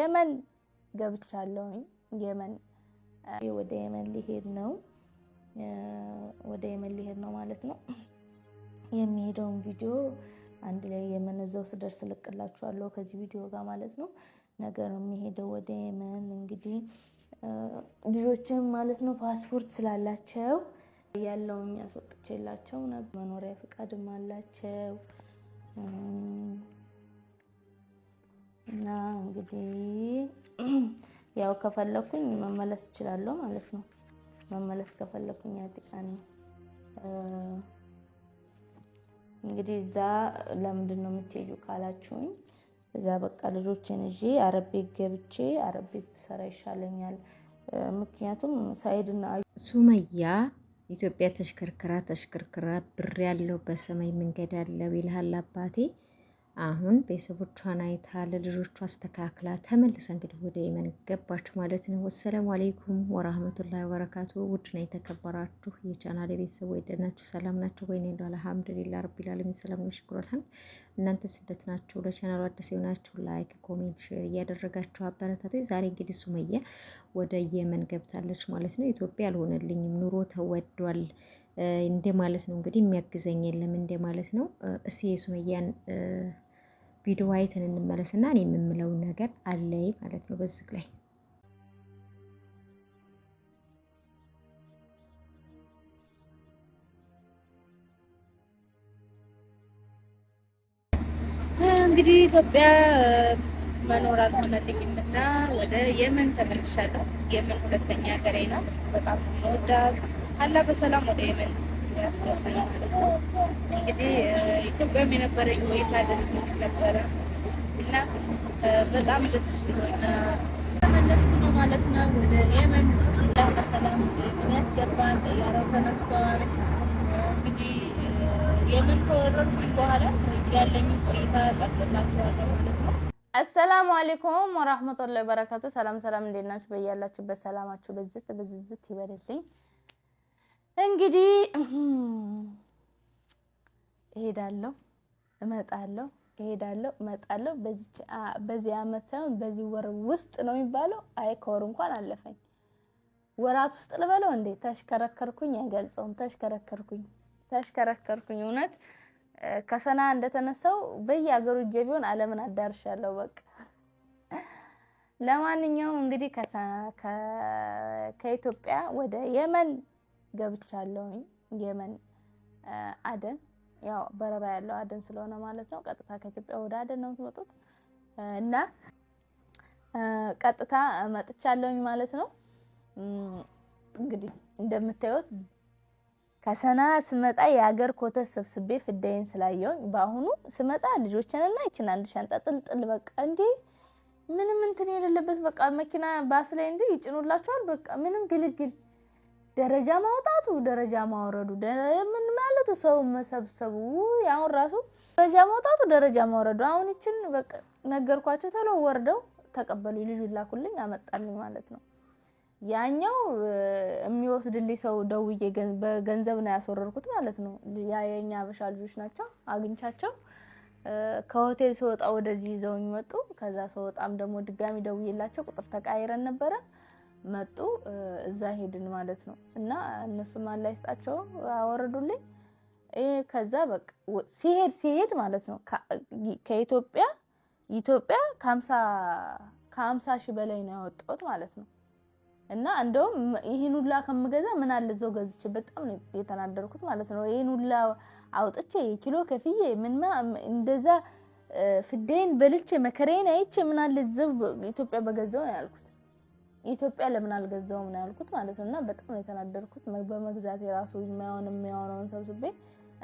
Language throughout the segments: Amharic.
የመን ገብቻለሁ። የመን ወደ የመን ሊሄድ ነው ወደ የመን ሊሄድ ነው ማለት ነው። የሚሄደውን ቪዲዮ አንድ ላይ የመን እዛው ስደርስ ልቅላችኋለሁ ከዚህ ቪዲዮ ጋር ማለት ነው። ነገር የሚሄደው ወደ የመን እንግዲህ ልጆችም ማለት ነው ፓስፖርት ስላላቸው ያለውን ያስወጥቼላቸው መኖሪያ ፈቃድም አላቸው። እና እንግዲህ ያው ከፈለኩኝ መመለስ እችላለሁ ማለት ነው። መመለስ ከፈለኩኝ ያጥቃኔ እንግዲህ እዛ ለምንድን ነው የምትሄጁ ካላችሁኝ፣ እዛ በቃ ልጆችን ይዤ አረብ ቤት ገብቼ አረብ ቤት ብሰራ ይሻለኛል። ምክንያቱም ሳይድና ሱመያ ኢትዮጵያ ተሽከርክራ ተሽከርክራ ብር ያለው በሰማይ መንገድ ያለው ይልሃል አባቴ አሁን ቤተሰቦቿን አይታ ለልጆቿ አስተካክላ ተመልሰ እንግዲህ ወደ የመን ገባች ማለት ነው። ወሰላሙ አሌይኩም ወራህመቱላሂ ወበረካቱ። ውድና የተከበራችሁ የቻናል ቤተሰብ ወይደናችሁ ሰላም ናቸው ወይ? እንደ አልሐምዱሊላህ ረቢል ዓለሚን ሰላም ነው ሽኩር አልሐምድ። እናንተ ስደት ናችሁ ለቻናሉ አዲስ የሆናችሁ ላይክ፣ ኮሜንት፣ ሼር እያደረጋችሁ አበረታቱ። ዛሬ እንግዲህ ሱመያ ወደ የመን ገብታለች ማለት ነው። ኢትዮጵያ አልሆነልኝም ኑሮ ተወዷል እንደ ማለት ነው። እንግዲህ የሚያግዘኝ የለም እንደ ማለት ነው። እስኪ የሱመያን ቪዲዮ አይተን እንመለስና እኔ የምምለው ነገር አለይ ማለት ነው በዚህ ላይ እንግዲህ ኢትዮጵያ መኖር አልሆነልኝም እና ወደ የመን ተመልሻለሁ። የመን ሁለተኛ ሀገሬ ናት። በጣም ወዳት አላ በሰላም ወደ የመን ያስገባል። እንግዲህ ኢትዮጵያም የነበረኝ ቆይታ ደስ ነበረ እና በጣም ደስ ብሎኛል። ተመለስኩ ነው ማለት ነው ወደ የመን። በሰላም ምን ያስገባል። ጠያራው ተነስተዋል። እንግዲህ የመን ከወረድኩኝ በኋላ ያለኝ ቆይታ ቀርጽላችኋለሁ ማለት ነው። አሰላሙ አሌይኩም ወራህመቱላሂ ሰላም ሰላም፣ እንዴት ናችሁ? በያላችሁበት ሰላማችሁ በዝት ይበልልኝ። እንግዲህ እሄዳለሁ እመጣለሁ እሄዳለሁ እመጣለሁ። በዚህ አመት ሳይሆን በዚህ ወር ውስጥ ነው የሚባለው። አይ ከወር እንኳን አለፈኝ። ወራት ውስጥ ልበለው እንዴ? ተሽከረከርኩኝ፣ አይገልጸውም። ተሽከረከርኩኝ፣ ተሽከረከርኩኝ። እውነት ከሰና እንደተነሳው በየሀገሩ እጄ ቢሆን ዓለምን አዳርሻለሁ። በቃ ለማንኛውም እንግዲህ ከኢትዮጵያ ወደ የመን ገብቻለሁኝ የመን አደን ያው በረራ ያለው አደን ስለሆነ ማለት ነው። ቀጥታ ከኢትዮጵያ ወደ አደን ነው የምትመጡት እና ቀጥታ መጥቻለሁኝ ማለት ነው። እንግዲህ እንደምታዩት ከሰና ስመጣ የሀገር ኮተ ሰብስቤ ፍዳይን ስላየውኝ በአሁኑ ስመጣ ልጆችንና ይችን አንድ ሻንጣ ጥልጥል በቃ እንዴ ምንም እንትን የሌለበት በቃ መኪና ባስ ላይ እንዴ ይጭኑላችኋል። በቃ ምንም ግልግል ደረጃ ማውጣቱ ደረጃ ማውረዱ ምን ማለቱ ሰው መሰብሰቡ ያሁን ራሱ ደረጃ ማውጣቱ ደረጃ ማውረዱ አሁን ይችን በቃ ነገርኳቸው። ተሎ ወርደው ተቀበሉ ልጁ ላኩልኝ አመጣልኝ ማለት ነው። ያኛው የሚወስድልኝ ሰው ደውዬ በገንዘብ ነው ያስወረድኩት ማለት ነው። ያ የኛ አበሻ ልጆች ናቸው አግኝቻቸው ከሆቴል ስወጣ ወደዚህ ይዘውኝ መጡ። ከዛ ስወጣም ደግሞ ድጋሚ ደውዬላቸው ቁጥር ተቃይረን ነበረ። መጡ። እዛ ሄድን ማለት ነው። እና እነሱ ማን ላይ ስጣቸው አወረዱልኝ። ከዛ በቃ ሲሄድ ሲሄድ ማለት ነው ከኢትዮጵያ ኢትዮጵያ ከሀምሳ ሺህ በላይ ነው ያወጣሁት ማለት ነው። እና እንደውም ይህን ሁላ ከምገዛ ምን አለ እዛው ገዝቼ በጣም የተናደርኩት ማለት ነው። ይህን ሁላ አውጥቼ የኪሎ ከፍዬ ምንማ እንደዛ ፍዴን በልቼ መከሬን አይቼ ምን አለ እዛው ኢትዮጵያ በገዛው ነው ያልኩት። ኢትዮጵያ ለምን አልገዛውም ነው ያልኩት ማለት ነው። እና በጣም ነው የተናደርኩት በመግዛት የራሱ የማይሆን የሚሆነውን ሰብስቤ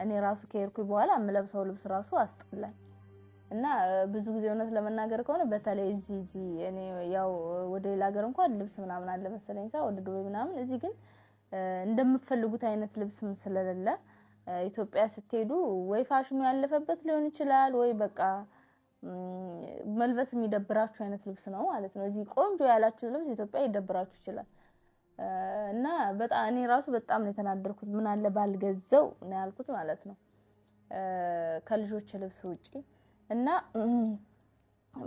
እኔ ራሱ ከሄድኩኝ በኋላ የምለብሰው ልብስ ራሱ አስጠላኝ። እና ብዙ ጊዜ እውነት ለመናገር ከሆነ በተለይ እዚህ እዚህ እኔ ያው ወደ ሌላ ሀገር እንኳን ልብስ ምናምን አለ መሰለኝ ሳ ወደ ዱባይ ምናምን፣ እዚህ ግን እንደምፈልጉት አይነት ልብስም ስለሌለ ኢትዮጵያ ስትሄዱ ወይ ፋሽኑ ያለፈበት ሊሆን ይችላል ወይ በቃ መልበስ የሚደብራችሁ አይነት ልብስ ነው ማለት ነው። እዚህ ቆንጆ ያላችሁት ልብስ ኢትዮጵያ ይደብራችሁ ይችላል እና በጣም እኔ ራሱ በጣም ነው የተናደርኩት። ምን አለ ባልገዘው ነው ያልኩት ማለት ነው ከልጆች ልብስ ውጪ እና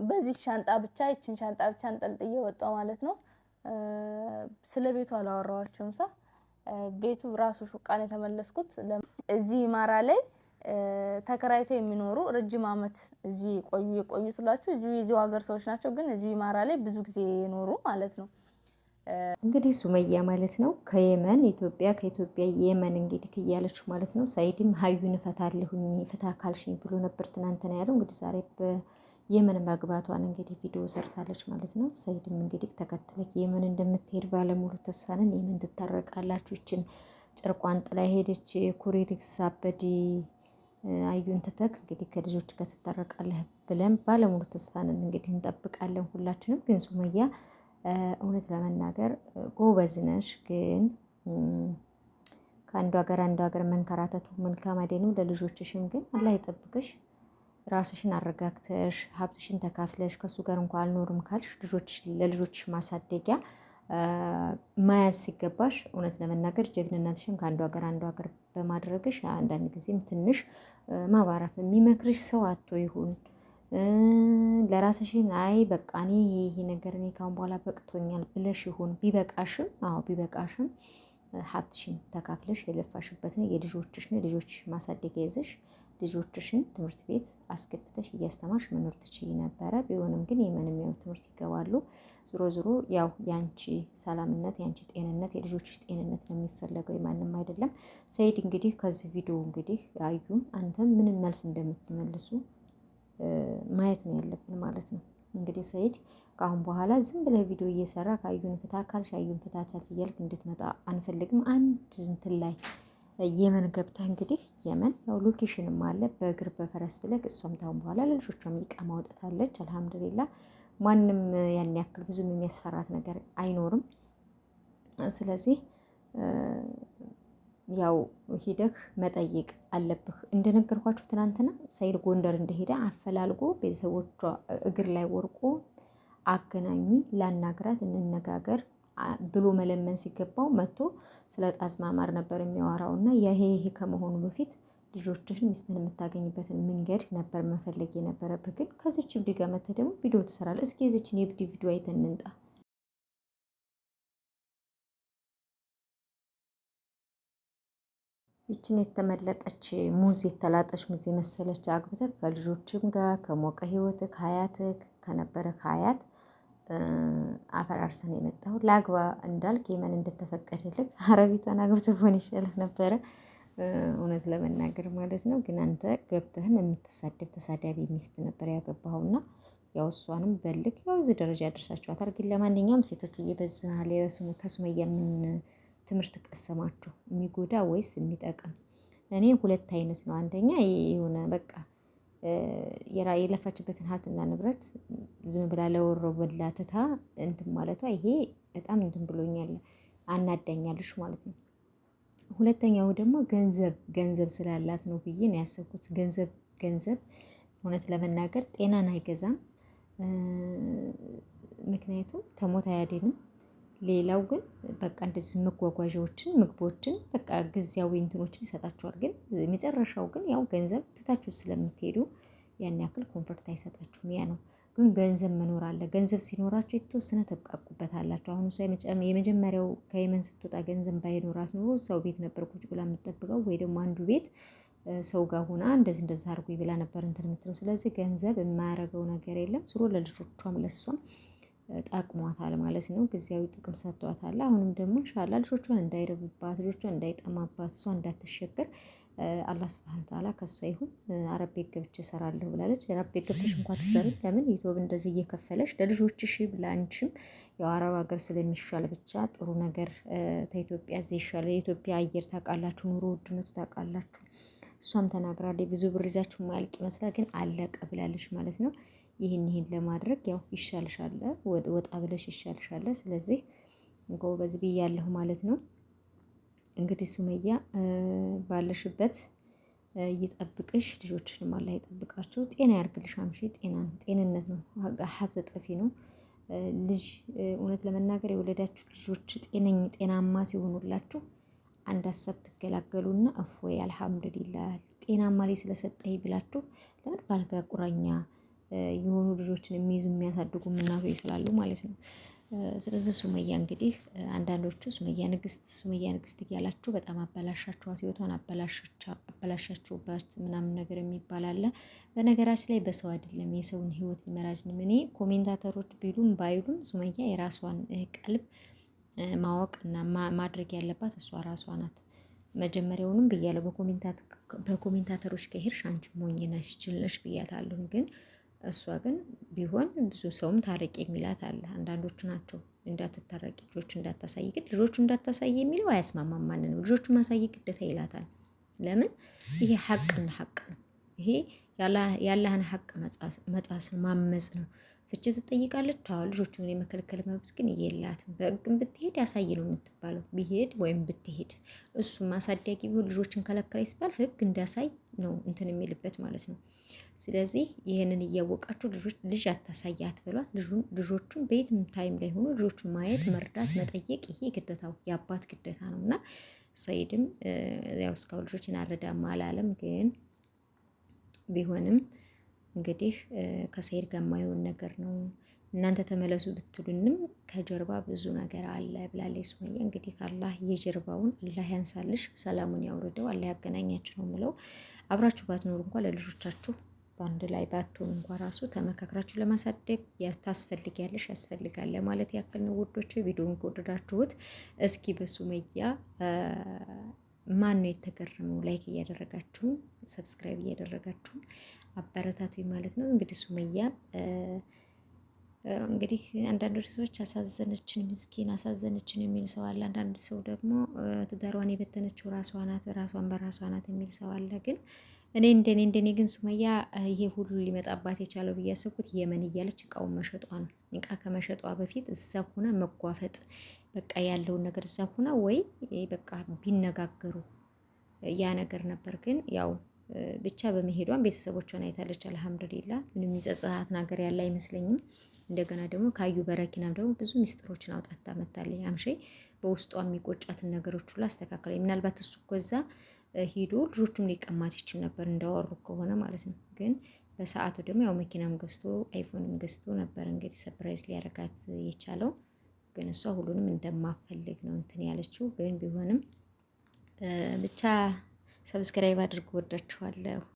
በዚህ ሻንጣ ብቻ ይችን ሻንጣ ብቻ እንጠልጥዬ ወጣው ማለት ነው። ስለ ቤቱ አላወራዋቸውም ሳ ቤቱ ራሱ ሹቃን የተመለስኩት እዚህ ማራ ላይ ተከራይተው የሚኖሩ ረጅም ዓመት እዚህ ቆዩ የቆዩ ስላችሁ እዚሁ የዚሁ ሀገር ሰዎች ናቸው፣ ግን እዚሁ ማራ ላይ ብዙ ጊዜ የኖሩ ማለት ነው። እንግዲህ ሱመያ ማለት ነው ከየመን ኢትዮጵያ፣ ከኢትዮጵያ የመን እንግዲህ እያለች ማለት ነው። ሳይድም ሀዩን እፈታለሁኝ ፍታ ካልሽኝ ብሎ ነበር ትናንትና ያለው እንግዲህ ዛሬ በየመን መግባቷን እንግዲህ ቪዲዮ ሰርታለች ማለት ነው። ሳይድም እንግዲህ ተከትለች የመን እንደምትሄድ ባለሙሉ ተስፋንን የመን ትታረቃላችሁ። ይችን ጨርቋን ጥላ ሄደች። ኩሪሪክስ አበዲ አዩን ትተክ እንግዲህ ከልጆች ጋር ትታረቃለህ ብለን ባለሙሉ ተስፋንን እንግዲህ እንጠብቃለን ሁላችንም። ግን ሱመያ እውነት ለመናገር ጎበዝ ነሽ፣ ግን ከአንዱ ሀገር አንዱ ሀገር መንከራተቱ መልካም አይደለም። ለልጆችሽም ግን አላህ ይጠብቅሽ። ራስሽን አረጋግተሽ ሀብትሽን ተካፍለሽ ከእሱ ጋር እንኳ አልኖርም ካልሽ ልጆችሽ ለልጆችሽ ማሳደጊያ መያዝ ሲገባሽ እውነት ለመናገር ጀግንነትሽን ከአንዱ ሀገር አንዱ ሀገር በማድረግሽ አንዳንድ ጊዜም ትንሽ ማባረፍ የሚመክርሽ ሰው አቶ ይሁን ለራስሽን አይ በቃ እኔ ይሄ ነገር እኔ ካሁን በኋላ በቅቶኛል ብለሽ ይሁን ቢበቃሽም፣ አዎ ቢበቃሽም ሀብትሽን ተካፍለሽ የለፋሽበትን የልጆችሽን ልጆች ማሳደግ ይዘሽ ልጆችሽን ትምህርት ቤት አስገብተሽ እያስተማርሽ መኖር ትችይ ነበረ። ቢሆንም ግን የምንም ያው ትምህርት ይገባሉ። ዞሮ ዞሮ ያው ያንቺ ሰላምነት፣ ያንቺ ጤንነት፣ የልጆችሽ ጤንነት ነው የሚፈለገው፣ የማንም አይደለም። ሰይድ እንግዲህ ከዚህ ቪዲዮ እንግዲህ አዩም አንተም ምንም መልስ እንደምትመልሱ ማየት ነው ያለብን ማለት ነው። እንግዲህ ሰይድ ከአሁን በኋላ ዝም ብለህ ቪዲዮ እየሰራ ከአዩን ፍታ ካልሽ አዩን ፍታቻት ቻልሽ እያልክ እንድትመጣ አንፈልግም። አንድ እንትን ላይ የመን ገብተህ እንግዲህ የመን ያው ሎኬሽንም አለ በእግር በፈረስ ብለህ እሷም ታሁን በኋላ ለልጆቿም ይቃማ ወጥታለች። አልሐምዱሊላ ማንም ያን ያክል ብዙም የሚያስፈራት ነገር አይኖርም። ስለዚህ ያው ሂደህ መጠየቅ አለብህ። እንደነገርኳችሁ ትናንትና ሰይድ ጎንደር እንደሄደ አፈላልጎ ቤተሰቦቿ እግር ላይ ወርቆ አገናኙ ላናግራት፣ እንነጋገር ብሎ መለመን ሲገባው መጥቶ ስለ ጣዝማማር ማማር ነበር የሚያወራው እና ይሄ ይሄ ከመሆኑ በፊት ልጆችህን ሚስትህን የምታገኝበትን መንገድ ነበር መፈለግ የነበረብህ። ግን ከዚች እብድ ጋር መተህ ደግሞ ቪዲዮ ትሰራለህ። እስኪ የዚችን የእብድ ቪዲዮ አይተን እንምጣ። ይችን የተመለጠች ሙዝ የተላጠች ሙዝ የመሰለች አግብተህ ከልጆችም ጋር ከሞቀ ህይወትህ ከአያትህ ከነበረ ከሀያት አፈራርሰን የመጣሁ ለአግባ እንዳልክ የመን እንደተፈቀደልህ አረቢቷን አግብተ ሆን ይሻልህ ነበረ። እውነት ለመናገር ማለት ነው። ግን አንተ ገብተህም የምትሳደብ ተሳዳቢ ሚስት ነበር ያገባኸውና ያው እሷንም በልክ ያው እዚህ ደረጃ ያደርሳችኋታል። ግን ለማንኛውም ሴቶች እየበዛ ከሱመያ ምን ትምህርት ቀሰማችሁ? የሚጎዳ ወይስ የሚጠቅም? እኔ ሁለት አይነት ነው። አንደኛ የሆነ በቃ የለፋችበትን ሀብትና ንብረት ዝም ብላ ለወሮ በላ ትታ እንትን ማለቷ ይሄ በጣም እንትን ብሎኛል፣ አናዳኛለሽ ማለት ነው። ሁለተኛው ደግሞ ገንዘብ ገንዘብ ስላላት ነው ብዬ ነው ያሰብኩት። ገንዘብ ገንዘብ እውነት ለመናገር ጤናን አይገዛም። ምክንያቱም ተሞት አያድንም። ሌላው ግን በቃ እንደዚህ መጓጓዣዎችን ምግቦችን በቃ ጊዜያዊ እንትኖችን ይሰጣችኋል። ግን መጨረሻው ግን ያው ገንዘብ ትታችሁ ስለምትሄዱ ያን ያክል ኮንፈርት አይሰጣችሁም። ያ ነው ግን ገንዘብ መኖር አለ። ገንዘብ ሲኖራችሁ የተወሰነ ተብቃቁበታላችሁ። አሁን እሷ የመጀመሪያው ከየመን ስትወጣ ገንዘብ ባይኖራት ኖሮ ሰው ቤት ነበር ቁጭ ብላ የምጠብቀው ወይ ደግሞ አንዱ ቤት ሰው ጋር ሆና እንደዚህ እንደዚህ አድርጉኝ ብላ ነበር እንትን የምትለው። ስለዚህ ገንዘብ የማያረገው ነገር የለም። ስሮ ለልጆቿም ለሷም ጠቅሟታል ማለት ነው። ጊዜያዊ ጥቅም ሰጥቷታል። አሁንም ደግሞ ሻላ ልጆቿን እንዳይረቡባት፣ ልጆቿን እንዳይጠማባት፣ እሷ እንዳትሸገር አላህ ስብሐነ ወተዓላ ከእሷ ይሁን። አረብ ቤት ገብቼ እሰራለሁ ብላለች። አረብ ቤት ገብተሽ እንኳን ትሰሪ ለምን ዩቲዩብ እንደዚህ እየከፈለሽ ለልጆችሽ ብላንችም ያው አረብ ሀገር ስለሚሻል ብቻ ጥሩ ነገር ተኢትዮጵያ እዚህ ይሻላል። የኢትዮጵያ አየር ታውቃላችሁ፣ ኑሮ ውድነቱ ታውቃላችሁ። እሷም ተናግራለች። ብዙ ብር ይዛችሁ ማያልቅ ይመስላል፣ ግን አለቀ ብላለች ማለት ነው። ይህን ይህን ለማድረግ ያው ይሻልሻለ ወጣ ብለሽ ይሻልሻለ። ስለዚህ ጎበዝ ብያለሁ ማለት ነው። እንግዲህ ሱመያ ባለሽበት ይጠብቅሽ፣ ልጆችን አላህ ይጠብቃቸው፣ ጤና ያርግልሽ። አምሺ ጤና ጤንነት ነው ሀብት ጠፊ ነው። ልጅ እውነት ለመናገር የወለዳችሁ ልጆች ጤነኝ ጤናማ ሲሆኑላችሁ አንድ ሀሳብ ትገላገሉና እፎይ አልሐምዱሊላህ ጤናማ ላይ ስለሰጠኝ ብላችሁ ለምን ባልጋ ቁራኛ የሆኑ ልጆችን የሚይዙ የሚያሳድጉ እናቶች ስላሉ ማለት ነው። ስለዚህ ሱመያ እንግዲህ አንዳንዶቹ ሱመያ ንግስት ሱመያ ንግስት እያላችሁ በጣም አበላሻችኋት ህይወቷን አበላሻችሁባት ምናምን ነገር የሚባል አለ። በነገራችን ላይ በሰው አይደለም የሰውን ህይወት ሊመራጅንም እኔ ኮሜንታተሮች ቢሉም ባይሉም ሱመያ የራሷን ቀልብ ማወቅ እና ማድረግ ያለባት እሷ ራሷ ናት። መጀመሪያውንም ብያለሁ በኮሜንታተሮች ከሄድሽ አንቺ ሞኝ ነሽ ጅል ነሽ ብያታለሁ ግን እሷ ግን ቢሆን ብዙ ሰውም ታረቂ የሚላት አለ። አንዳንዶቹ ናቸው እንዳትታረቂ ልጆቹ እንዳታሳይ፣ ግን ልጆቹ እንዳታሳይ የሚለው አያስማማም ማንንም። ልጆቹ ማሳይ ግዴታ ይላታል። ለምን? ይሄ ሀቅና ሀቅ ነው። ይሄ ያለህን ሀቅ መጣስ ማመጽ ነው። ፍቺ ትጠይቃለች። አዎ ልጆቹን የመከልከል መብት ግን የላትም። በሕግም ብትሄድ ያሳይ ነው የምትባለው። ቢሄድ ወይም ብትሄድ እሱም አሳዳጊ ቢሆን ልጆችን ከለከለች ሲባል ህግ እንዳሳይ ነው እንትን የሚልበት ማለት ነው። ስለዚህ ይህንን እያወቃችሁ ልጆች ልጅ አታሳይ አትበሏት። ልጆቹን በየትም ታይም ላይ ሆኖ ልጆቹን ማየት፣ መርዳት፣ መጠየቅ ይሄ ግደታው የአባት ግደታ ነው እና ሰይድም ያው እስካሁን ልጆችን አልረዳም አላለም ግን ቢሆንም እንግዲህ ከሰይድ ጋር የማይሆን ነገር ነው እናንተ ተመለሱ ብትሉንም ከጀርባ ብዙ ነገር አለ ብላለች ሱመያ። እንግዲህ ከአላህ የጀርባውን አላህ ያንሳልሽ፣ ሰላሙን ያውርደው፣ አላህ ያገናኛችሁ ነው ምለው። አብራችሁ ባትኖሩ እንኳ ለልጆቻችሁ በአንድ ላይ ባትሆኑ እንኳ ራሱ ተመካክራችሁ ለማሳደግ ታስፈልጊያለሽ፣ ያስፈልጋል ለማለት ያክል ነው ውዶች። ቪዲዮን ከወደዳችሁት እስኪ በሱመያ ማን ነው የተገረመው? ላይክ እያደረጋችሁን፣ ሰብስክራይብ እያደረጋችሁን አበረታቱኝ ማለት ነው። እንግዲህ ሱመያ እንግዲህ አንዳንድ ሰዎች አሳዘነችን ምስኪን አሳዘነችን የሚል ሰው አለ። አንዳንድ ሰው ደግሞ ትዳሯን የበተነችው ራሷ ናት ራሷን በራሷ ናት የሚል ሰው አለ። ግን እኔ እንደኔ እንደኔ ግን ሱመያ ይሄ ሁሉ ሊመጣባት የቻለው ብዬ ያሰብኩት የመን እያለች እቃውን መሸጧ ነው። እቃ ከመሸጧ በፊት እዛ ሁና መጓፈጥ በቃ ያለውን ነገር እዛ ሁና ወይ በቃ ቢነጋገሩ ያ ነገር ነበር ግን ያው ብቻ በመሄዷን ቤተሰቦቿን አይታለች። አልሐምዱሊላ ምንም የሚጸጽናት ነገር ያለ አይመስለኝም። እንደገና ደግሞ ካዩ በረኪናም ደግሞ ብዙ ሚስጥሮችን አውጣታ መታለች። አምሼ በውስጧ የሚቆጫትን ነገሮች ሁሉ አስተካከለኝ። ምናልባት እሱ እኮ ሂዶ ልጆቹም ሊቀማት ይችል ነበር እንዳወሩ ከሆነ ማለት ነው። ግን በሰዓቱ ደግሞ ያው መኪናም ገዝቶ አይፎንም ገዝቶ ነበር እንግዲህ ሰፕራይዝ ሊያረጋት የቻለው። ግን እሷ ሁሉንም እንደማፈልግ ነው እንትን ያለችው። ግን ቢሆንም ብቻ ሰብስክራይብ አድርጉ። ወዳችኋለሁ።